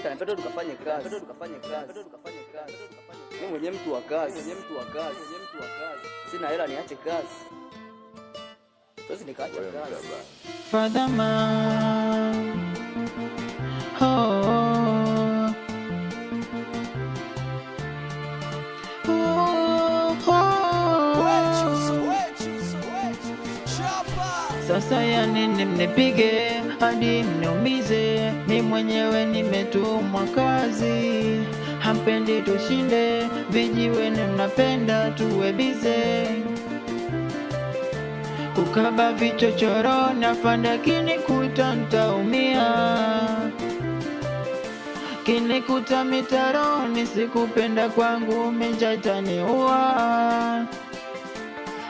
Kita nipenda tukafanye kazi. Nipenda tukafanye kazi. tukafanye kazi. Mimi mwenye mtu wa kazi. mtu wa kazi. mtu wa kazi. Sina hela niache kazi. Sasa nikaacha kazi. Father man. Oh. Sasa ya nini mnipige hadi mniumize mwenyewe nimetumwa kazi, hampendi tushinde, vijiweni mnapenda tuwe bize, kukaba vichochoro na fandakini kuta ntaumia, kinikuta mitaroni, sikupenda kwangu, menja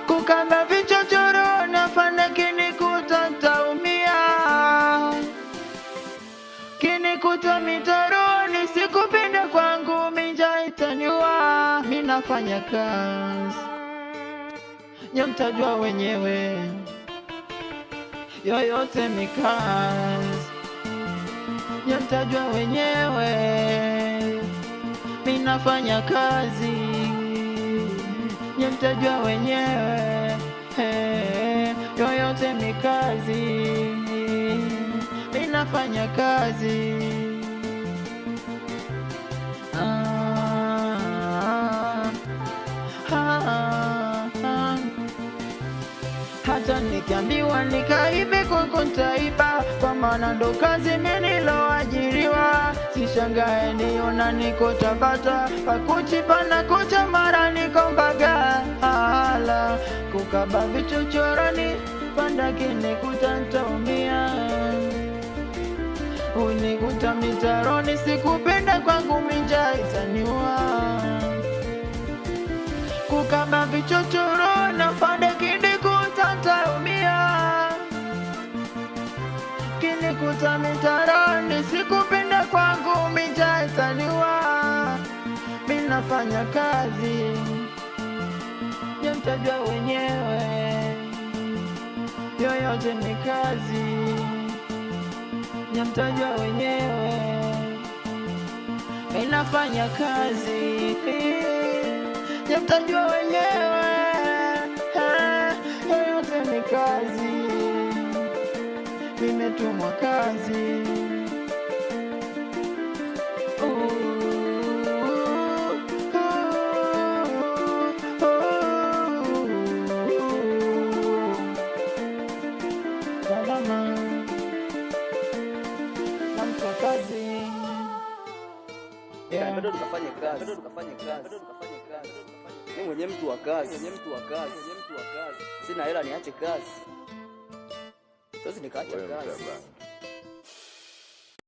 kukaba vicho Ukinikutwa mitoroni sikupenda kwangu, minja minafanya kazi, nyo wenyewe, yoyote mikazi, nyo wenyewe, minafanya kazi, nyo wenyewe, hey, eh, yoyote mikazi nafanya kazi ah, ah, ah. Hata nikiambiwa nikaibe kwako ntaiba, kwa maana ndo kazi meniloajiriwa. Sishangae niona niko Tabata, pakuchipa na kucha mara niko Mbagala, kukaba vichochoroni panda kine kuta ntaumia kunikuta mitaroni, sikupenda kwangu minja itaniwa kukaba vichochoro na fande kindikuta taumia, kinikuta mitaroni, sikupenda kwangu minja itaniwa minafanya kazi ya wenyewe, yoyote ni kazi nyamtajwa wenyewe, inafanya kazi, namtajwa wenyewe, yote ni kazi, nimetumwa kazi bado tukafanye kazi, bado tukafanye kazi, bado tukafanye kazi. Mimi mwenye mtu wa kazi, mwenye mtu wa kazi, mwenye mtu wa kazi, sina hela niache kazi, siwezi nikaacha kazi.